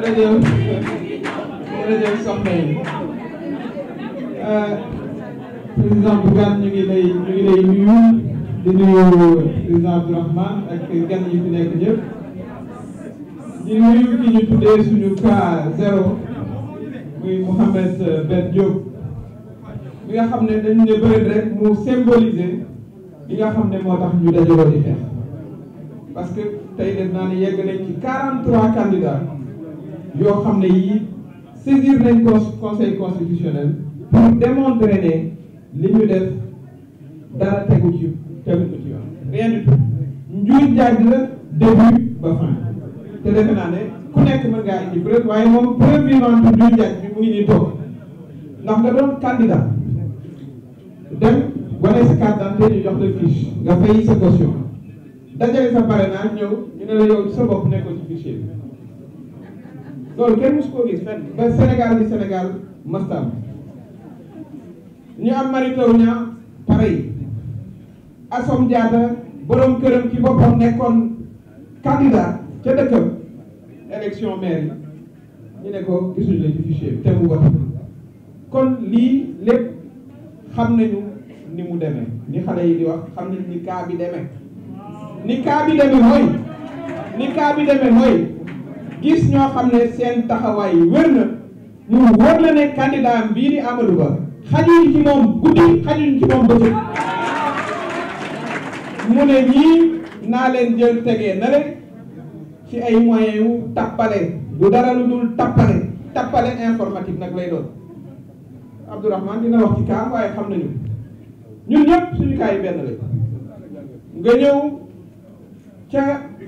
jërëjëf jërëjëf soxna yi président Bougane ñu ngi lay ñu ngi lay nuyu di nuyu président Abdourahmane ak gan yi fi nekk ñëpp di nuyu ki ñu tuddee suñu cas zéro muy Mouhamed euh, Ben Diop bi nga xam ne dañu ne bëri rek mu symboliser li nga ne moo tax ñu dajaloo di xeex parce que te def naa ne yegg nañ ci 43 yoo xam ne yii saisir nañ conseil constitutionnel pour démontrer ne li ñu def dara tegu ci tegu ci yoon ba fin te defe naa ne ku nekk mën ngaa indi preuve waaye moom preuve vivante njuuj bi mu ngi nii toog nga doon candidat dem wane sa carte d'identité ñu jox la fiche nga fay sa caution dajale sa parrainage ñëw ne la yow sa bopp loolu kenn mosu koo gis fenn ba Sénégal di Sénégal mastam ñu am Mary Teuw Niane pareil Assome Diatta borom këram ci boppam nekkoon candidat ca dëkkam élection maire yi ñu ne ko gisuñu la ci fichier bi te mu wax kon lii lépp xam nañu ni mu demee ni xale yi di wax ni cas bi demee ni cas bi demee mooy ni cas bi demee mooy gis ñoo xam ne seen taxawaay wér na mu wóor la ne candidat am bii di Ba xajuñ ci moom guddi xajuñ ci moom bëccëg mu ne ñii naa leen jël tegee na leen ci ay moyens yu tappale bu dara lu dul tappale tappale informatique nag lay doon Abdourahmane dina wax ci kaam xam nañu ñun ñëpp suñu benn la nga ñëw ca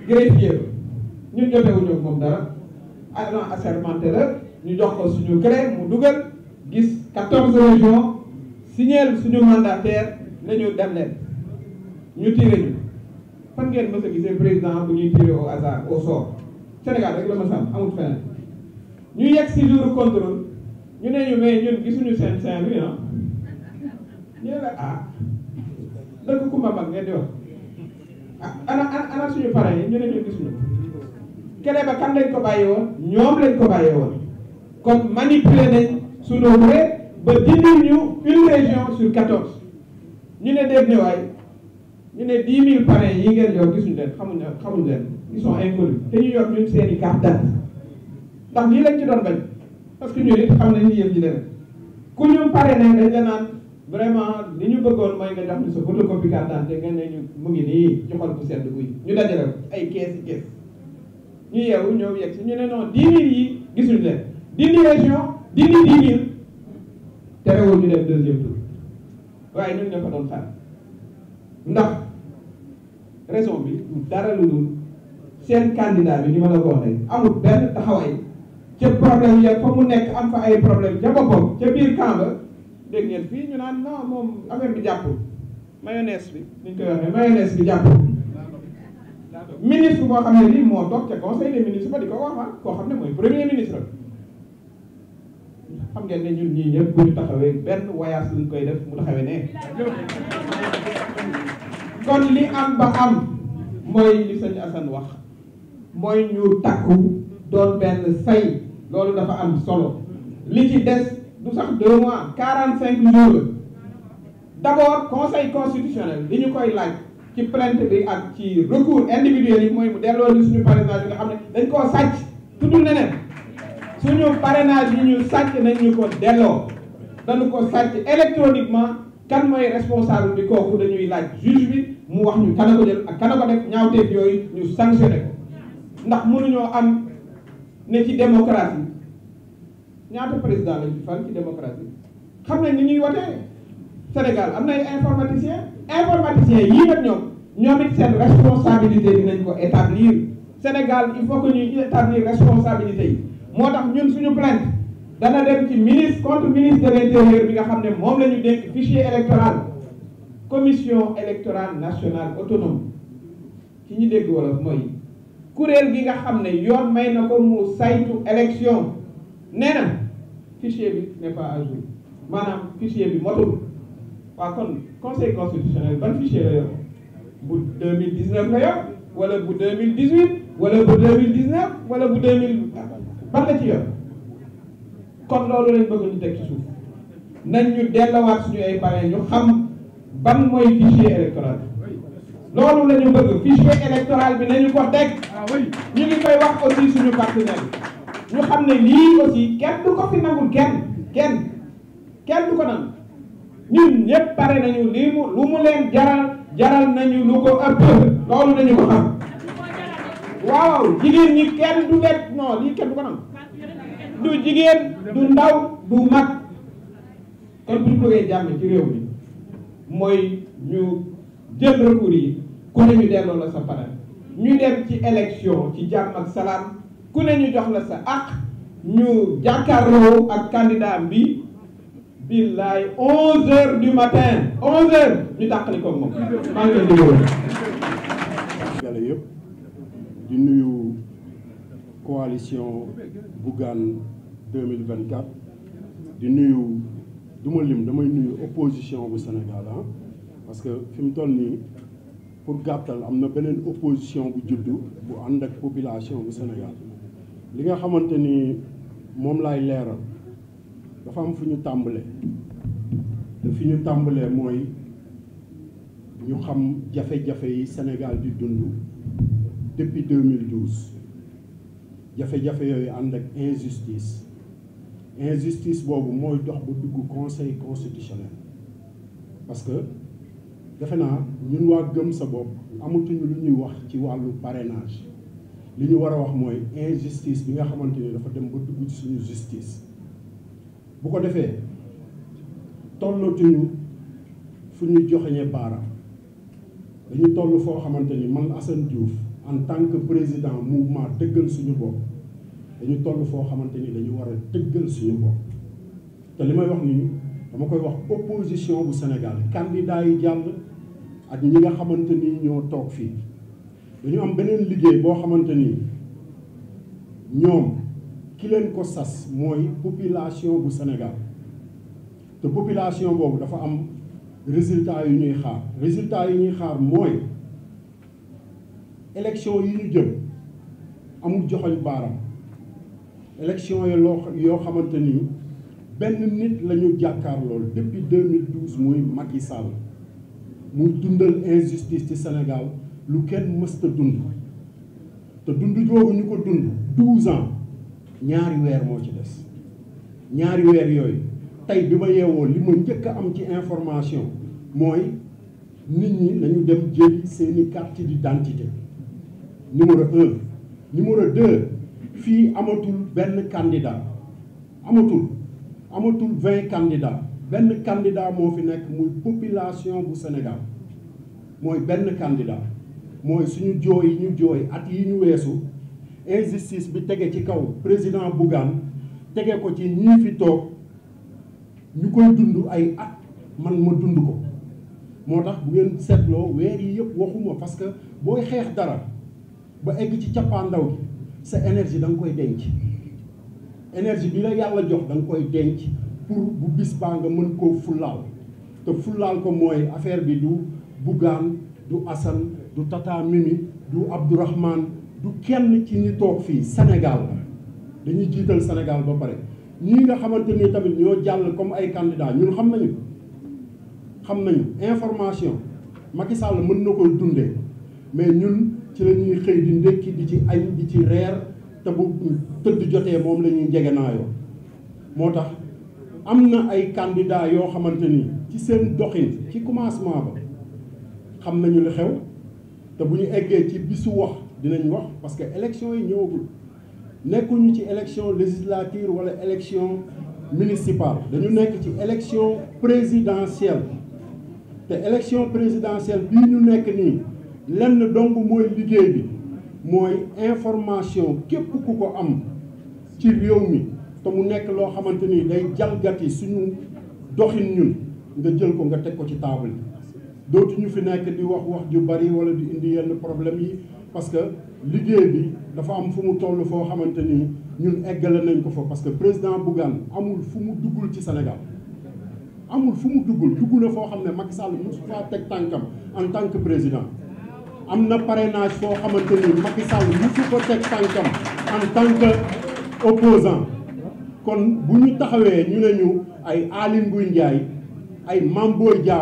greffier ñu jotewuñu ak moom dara agent assermenté la ñu jox ko suñu gré mu dugal gis quatorze régions signeel suñu mandataire ne ñu dem leen ñu tiré ñu fan ngeen mës a gisee président bu ñuy tiré au hasard au sort Sénégal rek la ma sàmm amul feneen ñu yegg si jour contrôle ñu ne ñu mais ñun gisuñu seen seen bi ah ñu ne la ah dëkk Kumba mag ngeen di wax ah ana ana suñu parents yi ñu ne ñun gisuñu kele ba kan lañ ko bàyyi woon ñoom lañ ko bàyyi woon kon manipuler nañ sunu réew ba dindi ñu une région sur quatorze ñu ne dégg ne waay ñu ne dix mille parrains yi ngeen yor gisuñu leen xamuñu leen xamuñu leen ils sont inconnus te ñu yor ñun seen i carte d'identité ndax lii lañ ci doon bañ parce que ñun it xam nañ ni yëf ji leen ku ñu parrainé dañ la naan vraiment li ñu bëggoon mooy nga jox ñu sa ne ñu mu ngi nii joxal bu sedd guy ñu dajale ko ay kees i kees ñu yeewu ñëw yegg si ñu ne non dix mille yi gisuñu leen dindi région dindi dix mille terewul ñu dem deuxième tour waaye ñun ñoo ko doon xaar ndax raison bi du dara lu dul seen candidat bi ni ma la ko waxee amul benn taxawaay ca ya fa mu nekk am fa ay problème ca boppam ca biir camp ba dégg ngeen fii ñu naan non moom affaire bi jàppul mayonnaise bi ni ñu koy bi jàppul ministre boo xam ne lii moo toog ca conseil des ministres ba di ko wax ah koo xam ne mooy premier ministre xam ngeen ne ñun ñii ñëpp bu ñu taxawee benn voyage ñu koy def mu taxawee ne kon li am ba am mooy li sëñ Assane wax mooy ñu takku doon benn say loolu dafa am solo li ci des du sax deux mois quarante cinq jours d'abord conseil constitutionnel li ñu koy laaj ci plainte bi ak ci recours individuel yi mooy mu delloo ni suñu parrainage yi nga xam ne dañ koo sàcc tuddul neneen suñu parrainage yi ñu sàcc nañ ñu ko delloo dañu ko sàcc électroniquement kan mooy responsable bi kooku dañuy laaj juge bi mu wax ñu kan ko jël ak kan a ko def ñaawteef yooyu ñu sanctionné ndax mënuñoo am ne ci démocratie ñaata président lañ fi fan ci démocratie xam nañ ni ñuy wotee Sénégal am na ay informaticiens informaticiens yii nag ñoom ñoom it seen responsabilité dinañ ko établir Sénégal il faut que ñuy établir responsabilité yi moo tax ñun suñu plainte dana dem ci ministre contre ministre de l'intérieur bi nga xam ne moom la de dénk fichier électoral commission électorale nationale autonome ci ñu dégg wolof mooy gi nga xam ne yoon may na ko mu saytu élection nee na fichier bi n'est pas à jour maanaam fichier bi motul waa kon conseil constitutionnel ban bu deux mille dix neuf nga wala bu deux mille dix huit wala bu deux mille dix wala bu deux mille ban la ci yor kon loolu lañ bëgg ñu teg ci suuf nañ ñu dellowaat suñu ay parrain ñu xam ban mooy fichier électoral loolu la ñu bëgg fichier électoral bi nañu ko teg ñu ngi koy wax aussi suñu partenaire ñu xam ne lii aussi kenn du ko fi nangul kenn kenn kenn du ko nangu ñun ñëpp pare nañu lii mu lu mu leen jaral jaral nañu lu ko ëpp loolu nañu ko xam waaw jigéen ñi kenn du lekk non lii kenn du ko jigéen du ndaw du mag kon bu ñu bëggee jàmm ci réew mi mooy ñu jël recours ku ne ñu delloo la sa paral ñu dem ci élection ci jàmm ak salaam ku ne ñu jox la sa àq ñu jàkkaarloo ak candidat bi billaay 11h du matin 11h ñu tàqali ko moom maa ngi di woo. yàlla yëpp di nuyu coalition Bougane 2024 di nuyu du lim damay nuyu opposition bu Sénégal ah parce que fi mu toll nii pour gàttal am na beneen opposition bu juddu bu ànd ak population bu Sénégal li nga xamante ni moom laay leeral. dafa am fu ñu tàmbalee te fi ñu tàmbalee mooy ñu xam jafe-jafe yi Sénégal di dund depuis mille 2012 jafe-jafe yooyu ànd ak injustice injustice boobu mooy dox ba dugg conseil constitutionnel parce que defe naa ñun waa gëm sa bopp amatuñu lu ñuy wax ci wàllu parrainage li ñu war a wax mooy injustice bi nga xamante ni dafa dem ba dugg ci suñu justice bu ko defee tollatuñu fu ñu joxeñee baaraam dañu toll foo xamante ni man Assane Diouf en tant que président mouvement dëggal suñu bopp dañu toll foo xamante ni dañu war a dëggal suñu bopp te li may wax nii dama koy wax opposition bu Sénégal candidat yi jàll ak ñi nga xamante ni ñoo toog fii dañu am beneen liggéey boo xamante ni ñoom ki leen ko sas mooy population bu Sénégal te population boobu dafa am résultat yu ñuy xaar résultat yu ñuy xaar mooy élection yi ñu jëm amul joxal baaram élection yi loo yoo xamante ni benn nit la ñu jàkkaarlool depuis 2012 mag yi Sall mu dundal injustice ci Sénégal lu kenn mësta dund te dund joobu ñu ko dund 12 ans ñaari weer moo ci des ñaari weer yooyu tey bi ma yeewoo li ma njëkk am ci information mooy nit ñi lañu dem jëli seeni carte d'identité numéro un numéro deux fii amatul benn candidat amatul amatul vingt candidats benn candidat moo fi nekk muy population bu Sénégal mooy benn candidat mooy suñu jooy yi ñu jooy at yi ñu weesu injustice bi tege ci kaw président Bougane tege ko ci ñii fi toog ñu koy ay at man ma dund ko moo tax bu ngeen yëpp waxuma parce que booy xeex dara ba egg ci cappaandaw gi énergie da koy denc énergie bi la yàlla jox danga koy denc pour bu bis baa nga mën koo fullaal te fullaal ko mooy affaire bi du Bougane du Assane du Tata Mimi du Abdourahmane du kenn ci ñi toog fii Sénégal dañuy jiital Sénégal ba pare ñii nga xamante ni tamit ñoo jàll comme ay candidats ñun xam nañu xam nañu information Macky Sall mën na koy dundee mais ñun ci la ñuy xëy di ndékki di ci ay di ci reer te bu tëdd jotee moom la ñuy jege naayoo moo tax am na ay candidats yoo xamante ni ci seen doxin ci commencement ba xam nañu li xew te bu ñu eggee ci bisu wax dinañ wax parce que élection yi ñëwagul nekkuñu ci élection législative wala élection municipale dañu nekk ci élection présidentielle te élection présidentielle bii ñu nekk nii lenn dong mooy liggéey bi mooy information képp ku ko am ci réew mi te mu nekk loo xamante ni day jalgati suñu doxin ñun nga jël ko nga teg ko ci table bi dootuñu fi nekk di wax wax ju bari wala di indi yenn problème yi parce que liggéey bi dafa am fu mu toll foo xamante ni ñun eggale nañ ko fa parce que président Bougane amul fu mu duggul ci Sénégal amul fu mu duggul dugg na foo xam ne Macky Sall su faa teg tànkam en tant que président am na parrainage foo xamante ni Macky Sall mosu ko teg tànkam en tant que opposant kon bu ñu taxawee ñu ne ñu ay Aly Ngouille Ndiaye ay Mame Boye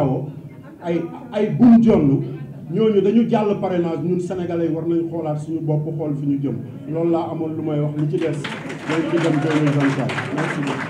ay ay Boun Dionne ñooñu dañu jàll parrainage ñun sénégalais war nañ xoolaat suñu bopp xool fi ñu jëm loolu laa amoon lu may wax li ci des dañ ci dem 2024 merci beaucoup